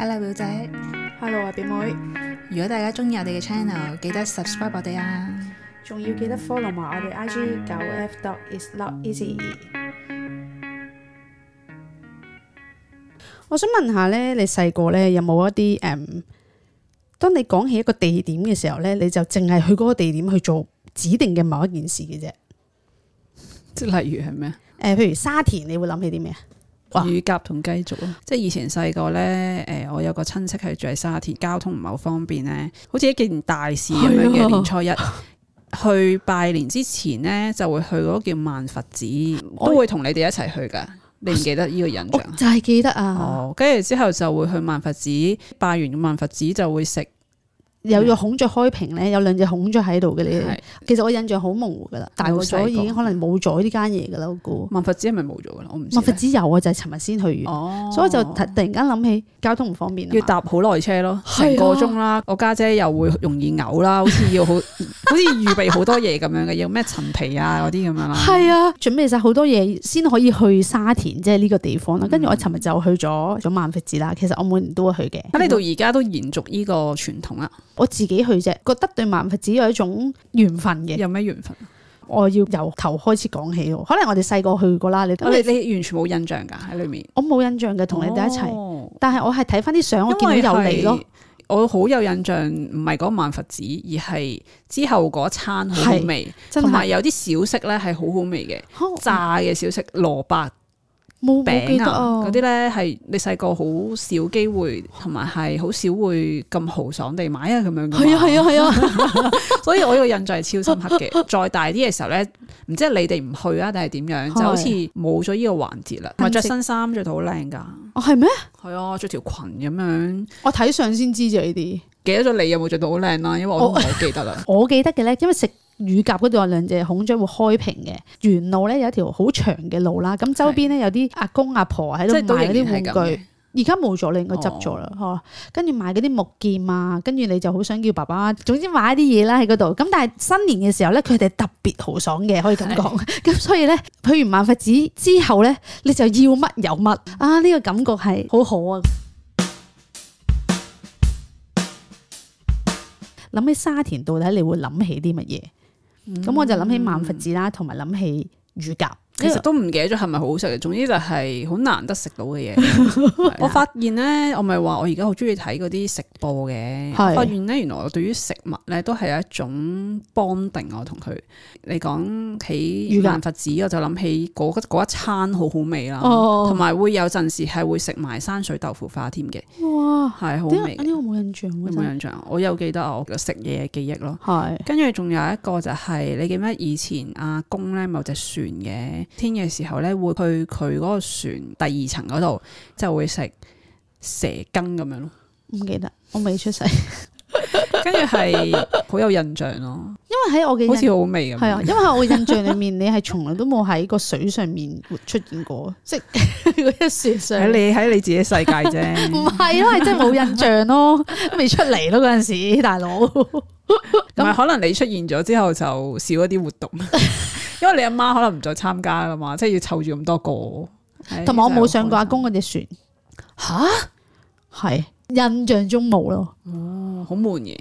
Hello 表姐，Hello 啊表妹。如果大家中意我哋嘅 channel，記得 subscribe 我哋啊。仲要記得 follow 埋我哋 IG 九 F dot is not easy。我想問下咧，你細個咧有冇一啲誒、嗯？當你講起一個地點嘅時候咧，你就淨係去嗰個地點去做指定嘅某一件事嘅啫。即 例如係咩？誒、呃，譬如沙田，你會諗起啲咩啊？乳鴿同雞粥咯，哇即係以前細個咧，誒，我有個親戚係住喺沙田，交通唔係好方便咧，好似一件大事咁樣嘅。年初一的去拜年之前咧，就會去嗰叫萬佛寺，都會同你哋一齊去噶。你唔記得呢個印象？就係記得啊。哦，跟住之後就會去萬佛寺，拜完萬佛寺，就會食。有隻孔雀開屏咧，有兩隻孔雀喺度嘅咧。其實我印象好模糊噶啦，大個咗已經可能冇咗呢間嘢噶啦，我估。萬佛寺係咪冇咗噶啦？我唔知。萬佛寺有啊，就係尋日先去完，所以就突然間諗起交通唔方便，要搭好耐車咯，成個鐘啦。我家姐又會容易嘔啦，好似要好，好似預備好多嘢咁樣嘅，要咩陳皮啊嗰啲咁樣。係啊，準備晒好多嘢先可以去沙田，即係呢個地方啦。跟住我尋日就去咗咗萬佛寺啦。其實我每年都會去嘅。咁呢度而家都延續呢個傳統啊？我自己去啫，覺得對萬佛寺有一種緣分嘅。有咩緣分？我要由頭開始講起咯。可能我哋細個去過啦，你你，因為你完全冇印象噶，喺裏面。我冇印象嘅，同你哋一齊，哦、但係我係睇翻啲相，我見到有你咯。我好有印象，唔係嗰萬佛寺，而係之後嗰餐好好味，同埋有啲小食咧係好好味嘅，炸嘅小食蘿蔔。蘿蔔冇餅啊！嗰啲咧係你細個好少機會，同埋係好少會咁豪爽地買啊！咁樣嘅係啊係啊係啊， 所以我個印象係超深刻嘅。 再大啲嘅時候咧，唔知係你哋唔去啊，定係點樣？就好似冇咗呢個環節啦。同埋着新衫着到好靚噶，哦係咩？係啊、嗯，着條裙咁樣。我睇相先知啫，呢啲記得咗你有冇着到好靚啦？因為我都唔係好記得啦。 我記得嘅咧，因為食。乳鴿嗰度有兩隻孔雀會開屏嘅，沿路咧有一條好長嘅路啦，咁周邊咧有啲阿公阿婆喺度賣嗰啲玩具，而家冇咗，你應該執咗啦，嗬？跟住賣嗰啲木劍啊，跟住你就好想叫爸爸，總之買一啲嘢啦喺嗰度。咁但係新年嘅時候咧，佢哋特別豪爽嘅，可以咁講。咁是、啊、所以咧，去完萬佛寺之後咧，你就要乜有乜啊？呢、這個感覺係好好啊！諗 起沙田到底你會諗起啲乜嘢？咁、嗯、我就諗起萬佛寺啦，同埋諗起乳鴿。其實都唔記得咗係咪好好食嘅，總之就係好難得食到嘅嘢。 我發現呢，我咪話我而家好中意睇嗰啲食播嘅。是發現呢，原來我對於食物呢都係一種 bonding。我同佢嚟講起越南佛寺，我就諗起嗰一餐好好味啦。同埋、哦哦哦、會有陣時係會食埋山水豆腐花添嘅。哇，係好味。嗰啲冇印象，冇印象。我，有，象有，象我有記得我食嘢嘅記憶咯。係是。跟住仲有一個就係、是、你記唔記得以前阿公呢？某有隻船嘅？天嘅時候咧，會去佢嗰個船第二層嗰度，就會食蛇羹咁樣咯。唔記得，我未出世，跟住係好有印象咯。因為喺我嘅好似好味咁。係啊，因為我印象裏面，你係從來都冇喺個水上面活出現過，即係喺你喺你自己世界啫。唔係、 啊，因為真係冇印象咯，未出嚟咯，嗰陣時，大佬。唔 係，可能你出現咗之後就少一啲活動。 因為你阿媽可能唔再參加啦嘛，即係要湊住咁多個，同埋我冇上過阿公嗰隻船，吓？係，印象中冇咯。哦，好悶嘅，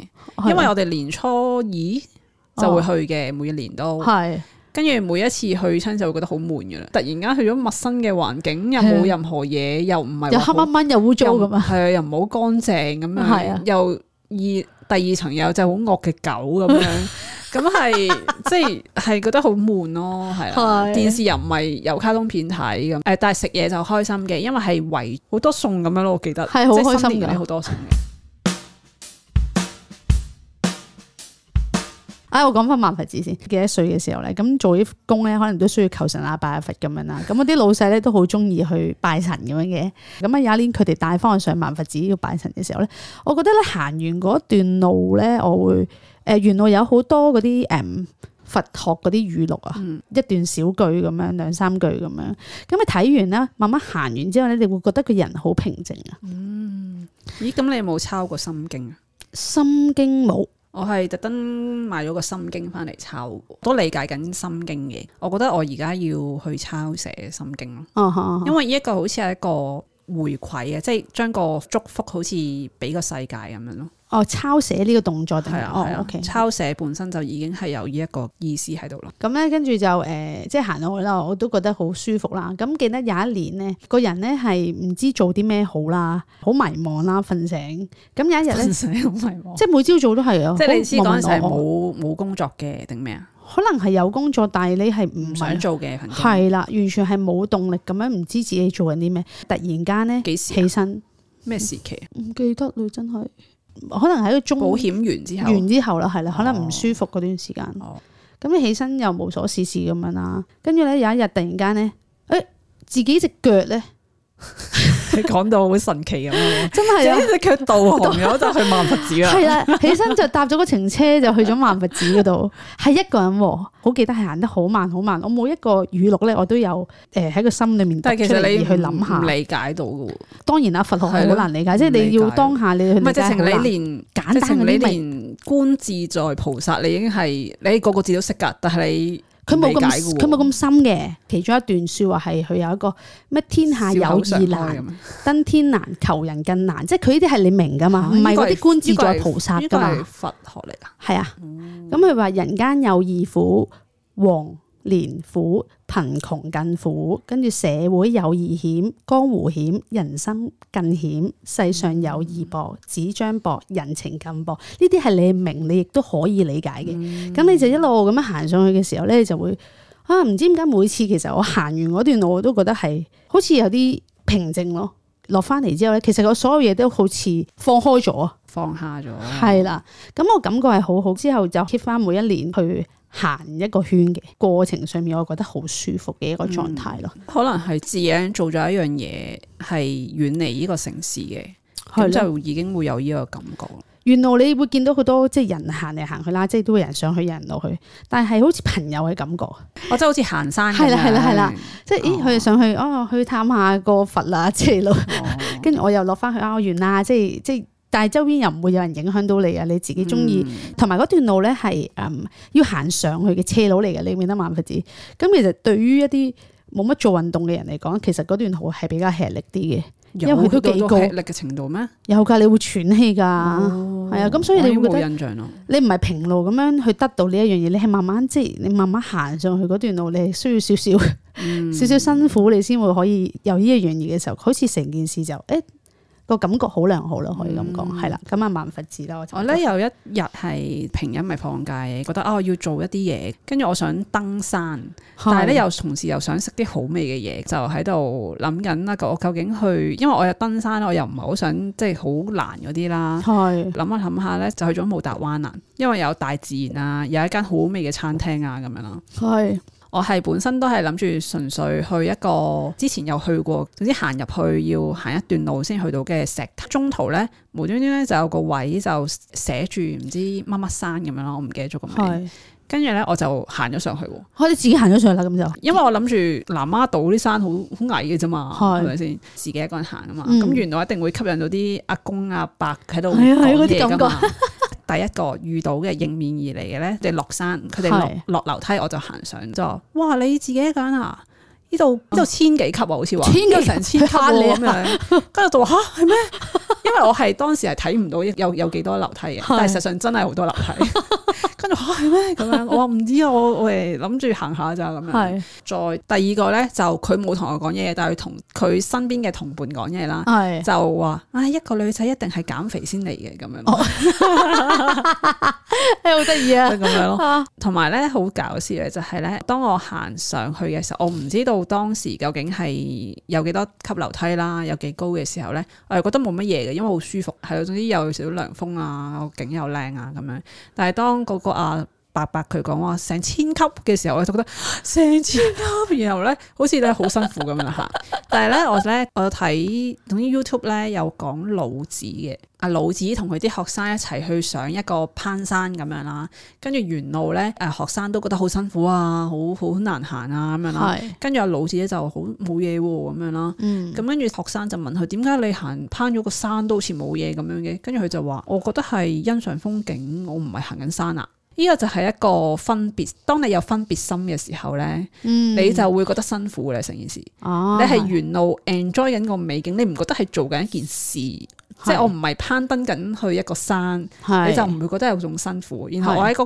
因為我哋年初二就會去嘅，每一年都係。跟住每一次去親就會覺得好悶嘅啦。突然間去咗陌生嘅環境，又冇任何嘢，又唔係又黑掹掹又污糟咁啊，係啊，又唔好乾淨咁樣，又二第二層有隻好惡嘅狗咁樣。咁係即係覺得好悶咯，係 啦，電視又唔係有卡通片睇咁，誒，但係食嘢就開心嘅，因為係圍好多餸咁樣咯，我記得係好開心嘅，好 即 多餸。啊、哎，我講翻萬佛寺先。幾多歲嘅時候咧，咁做啲工咧，可能都需要求神啊、拜佛咁樣啦。咁嗰啲老細咧，都好中意去拜神咁樣嘅。咁啊，有一年佢哋帶返去上萬佛寺要拜神嘅時候咧，我覺得咧，行完嗰段路咧，我會誒、呃，沿路有好多嗰啲誒佛學嗰啲語錄啊，一段小句咁樣，兩三句咁樣。咁你睇完啦，慢慢行完之後咧，你會覺得個人好平靜啊。嗯，咦，咁你有冇抄過心經啊？心經冇。我係特登買咗個心經翻嚟抄，都理解緊心經嘅。我覺得我而家要去抄寫心經咯，uh huh. uh huh. 因為呢一個好似係一個。回饋啊，即係將個祝福好似俾個世界咁樣咯。哦，抄寫呢個動作定係啊？哦 okay. 抄寫本身就已經係有呢一個意思喺度啦。咁咧、嗯，跟住就誒、呃，即係行落去啦，我都覺得好舒服啦。咁記得有一年咧，個人咧係唔知做啲咩好啦，好迷茫啦，瞓醒咁有一日咧，醒好迷茫，迷茫 即係每朝早都係咯。即係你似嗰陣時係冇冇工作嘅定咩啊？可能係有工作，但係你係唔想，想做嘅係啦，完全係冇動力咁樣，唔知自己做緊啲咩。突然間咧，幾時起身咩時期？呃，唔記得啦，真係，可能喺一個中保險完之後，完之後啦，係啦，可能唔舒服嗰段時間。哦，咁你起身又無所事事咁樣啦，跟住咧有一日突然間咧，誒、欸，自己隻腳咧。你講到好神奇咁樣， 真係你腳導航咗就去萬佛寺啦。係啦， 起身就搭咗個程車就去咗萬佛寺嗰度，係 一個人，好記得係行得好慢好慢。我每一個語錄咧，我都有誒喺個心裏面，但係其實你去諗下唔理解到嘅。當然啦，佛學係好難理解，理解，即係你要當下你去。唔係，直情你連簡單你，你連觀自在菩薩，你已經係你個個字都識噶，但係你。佢冇咁佢冇咁深嘅，其中一段說話係佢有一個咩天下有二難，登天難，求人更難，即係佢呢啲係你明噶嘛？唔係嗰啲觀自在菩薩噶嘛？佛學嚟啊，係啊、嗯，咁佢話：人間有二苦，王」年苦，貧窮更苦。跟住社會有二險，江湖險，人心更險，世上有二薄，紙張薄，人情更薄。呢啲係你明，你亦都可以理解嘅。咁、嗯、你就一路咁樣行上去嘅時候咧，你就會啊，唔知點解每次其實我行完嗰段路，我都覺得係好似有啲平靜咯。落翻嚟之後咧，其實我所有嘢都好似放開咗啊，放下咗。係啦，咁我感覺係好好。之後就 keep 翻每一年去行一個圈嘅過程上面，我覺得好舒服嘅一個狀態咯、嗯。可能係自己做咗一樣嘢，係遠離呢個城市嘅，咁就已經會有呢個感覺。沿路你會見到好多即係人行嚟行去啦，即係都會有人上去，有人落去。但係好似朋友嘅感覺，真係、哦、好似行山似。係啦，係啦，係啦，即係咦，佢哋上去哦，去探下個佛啊，斜路，跟住、哦、我又落翻去歐園啦，即係即係，但係周邊又唔會有人影響到你啊，你自己中意。同埋嗰段路咧，係嗯要行上去嘅斜路嚟嘅，你唔記得萬佛寺。咁其實對於一啲冇乜做運動嘅人嚟講，其實嗰段路係比較吃力啲嘅。有因佢幾力嘅程度咩？有噶，你會喘氣噶，係啊、哦，咁所以你會覺得。印象你唔係平路咁樣去得到呢一樣嘢，你係慢慢即係、就是、你慢慢行上去嗰段路，你係需要少少、嗯、少少辛苦，你先會可以有呢一樣嘢嘅時候。好似成件事就誒。欸個感覺好良好咯，可以咁講，係啦、嗯。咁啊，萬佛寺啦，我咧有一日係平日咪放假，覺得啊要做一啲嘢，跟住我想登山，是但係咧又同時又想食啲好味嘅嘢，就喺度諗緊啦。我究竟去，因為我又登山，我又唔係好想，即係好難嗰啲啦。係諗一諗下咧，就是、去咗武達灣啦，因為有大自然啊，有一間好味嘅餐廳啊，咁樣咯。係。我係本身都係諗住純粹去一個之前有去過，總之行入去要行一段路先去到嘅石塔。中途咧無端端咧就有個位就寫住唔知乜乜山咁樣咯，我唔記得咗個名是，跟住咧我就行咗上去。我哋、啊、自己行咗上去啦，咁就因為我諗住南丫島啲山好好矮嘅啫嘛，係咪先自己一個人行啊嘛？咁、嗯、原來一定會吸引到啲阿公阿伯喺度的。啲咁噶。 第一個遇到嘅迎面而嚟嘅咧，我落山，佢哋落落樓梯，我就行上咗的。哇！你自己一個人啊，呢度呢度千幾級，千多幾千級啊，好似話千幾成千級咁樣。跟住就話吓係咩？ 因為我係當時係睇唔到有有幾多樓梯嘅，的但係實上真係好多樓梯。 係咩咁樣？我唔知啊，我我諗住行下咋咁樣。係。再第二個咧，就佢冇同我講嘢，但係佢同佢身邊嘅同伴講嘢啦。係是。就話啊、哎，一個女仔一定係減肥先嚟嘅咁樣。係好得意啊！就咁樣咯。同埋咧，好搞笑嘅就係、是、咧，當我行上去嘅時候，我唔知道當時究竟係有幾多級樓梯啦，有幾高嘅時候咧，我係覺得冇乜嘢嘅，因為好舒服，係咯。總之有少少涼風啊，個景又靚啊，咁樣。但係當嗰個。啊！伯伯佢講話成千級嘅時候，我就覺得成、啊、千級，然後咧好似咧好辛苦咁樣嚇。 但係咧我咧我睇總之 YouTube 咧有講老子嘅，阿老子同佢啲學生一齊去上一個攀山咁樣啦。跟住沿路咧，誒學生都覺得好辛苦啊，好好難行啊咁樣啦。跟住阿老子咧就好冇嘢喎咁樣啦。嗯。咁跟住學生就問佢點解你行攀咗個山都好似冇嘢咁樣嘅？跟住佢就話：我覺得係欣賞風景，我唔係行緊山啊。呢個就係一個分別，當你有分別心嘅時候咧，嗯、你就會覺得辛苦嘅啦成件事。啊、你係沿路 enjoy 緊個美景，你唔覺得係做緊一件事？是即係我唔係攀登緊去一個山，是你就唔會覺得有種辛苦？是然後我喺嗰、那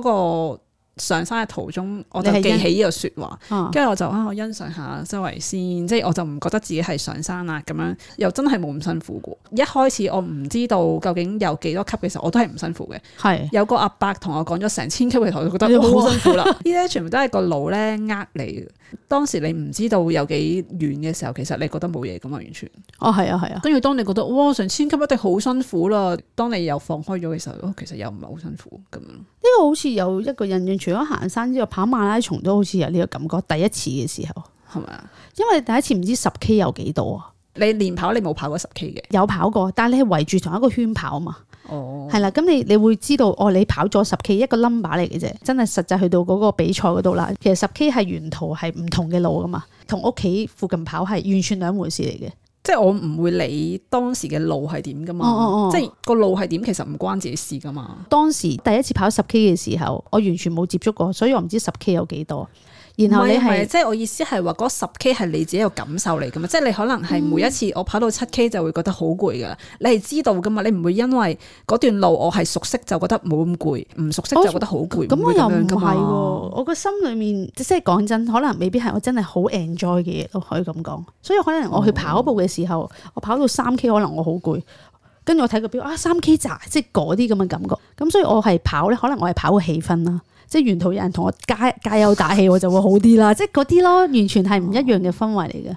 個。上山嘅途中，我就記起呢個說話，跟住、嗯、我就啊，我欣賞下周圍先，即係我就唔覺得自己係上山啦咁樣，又真係冇咁辛苦嘅。一開始我唔知道究竟有幾多級嘅時候，我都係唔辛苦嘅。係是有個阿伯同我講咗成千級嘅時候，我就覺得好辛苦啦。呢啲哇 全部都係個腦咧呃你，當時你唔知道有幾遠嘅時候，其實你覺得冇嘢噶嘛，樣完全。哦，係啊，係啊。跟住當你覺得哇，上千級一定好辛苦啦，當你又放開咗嘅時候，其實又唔係好辛苦咁樣。呢個好似有一個印象，除咗行山之外，跑馬拉松都好似有呢個感覺。第一次嘅時候係咪啊？吧因為第一次唔知十 K 有幾多啊？你連跑你冇跑過十 K 嘅？有跑過，但係你係圍住同一個圈跑嘛？哦，係啦，咁你你會知道哦，你跑咗十 K 一個 number 嚟嘅啫，真係實際去到嗰個比賽嗰度啦。其實十 K 係沿途係唔同嘅路噶嘛，同屋企附近跑係完全兩回事嚟嘅。即係我唔會理會當時嘅路係點噶嘛，哦哦即係個路係點，其實唔關自己事噶嘛。當時第一次跑十 K 嘅時候，我完全冇接觸過，所以我唔知十 K 有幾多。然後你係，即係、就係、我意思係話嗰十 K 係你自己個感受嚟噶嘛？即、就、係、係、你可能係每一次我跑到七 K 就會覺得好攰噶啦，你係知道噶嘛？你唔會因為嗰段路我係熟悉就覺得冇咁攰，唔熟悉就覺得好攰咁樣噶嘛、啊？我個心裏面即係講真，可能未必係我真係好 enjoy 嘅嘢都可以咁講。所以可能我去跑步嘅時候，嗯、我跑到三 K 可能我好攰，跟住我睇個表，啊三 K 咋？即係嗰啲咁嘅感覺。咁所以我係跑咧，可能我係跑個氣氛啦。即係沿途有人同我加油打氣， 我就會好啲啦。即係嗰啲咯，完全係唔一樣嘅氛圍嚟嘅。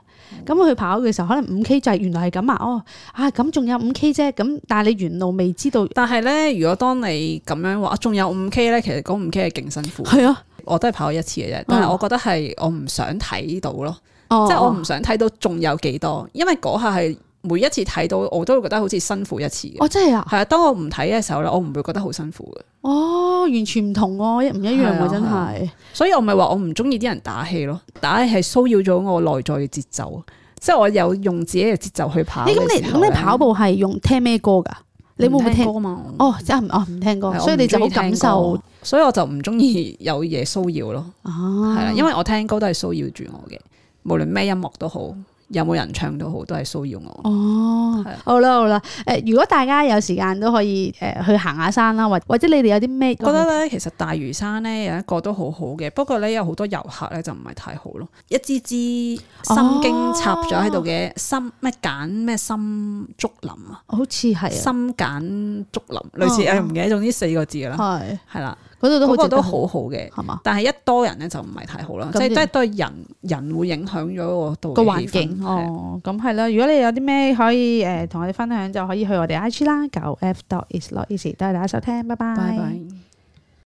咁佢、哦、跑嘅時候，可能五 K 就係原來係咁啊。哦，啊咁仲有五 K 啫。咁但係你沿路未知道。但係咧，如果當你咁樣話仲有五 K 咧，其實嗰五 K 係勁辛苦。係啊，我都係跑過一次嘅啫，但係我覺得係我唔想睇到咯，即係、哦、我唔想睇到仲有幾多，因為嗰下係。每一次睇到我都會覺得好似辛苦一次嘅，我、哦、真係啊，係啊！當我唔睇嘅時候咧，我唔會覺得好辛苦嘅。哦，完全唔同、啊、一唔一樣喎、啊，真係。啊啊、所以我咪話我唔中意啲人打氣咯，打氣係騷擾咗我內在嘅節奏，即係我有用自己嘅節奏去跑。咁你咁你跑步係用聽咩歌噶？你會唔會聽歌嘛？哦，即係哦唔聽歌，對所以你就好感受。所以我就唔中意有嘢騷擾咯。哦、啊，係啊，因為我聽歌都係騷擾住我嘅，無論咩音樂都好。有冇人唱都好，都係騷擾我。哦，的好啦好啦，誒，如果大家有時間可有都可以誒去行下山啦，或或者你哋有啲咩覺得咧，其實大嶼山咧有一個都好好嘅，不過咧有好多遊客咧就唔係太好咯，一支支心經插咗喺度嘅心，哦，咩簡咩心竹林啊，好似係心簡竹林，類似誒唔、哦啊、記得總之四個字㗎啦，係係啦。的嗰度都好似都好好嘅，係嘛嗎？但係一多人咧就唔係太好啦，即係即係對人人會影響咗個個環境。的哦，咁係啦。如果你有啲咩可以誒同、呃、我哋分享，就可以去我哋 IG 啦，九 f dot is not easy。多謝大家收聽，拜拜。拜拜。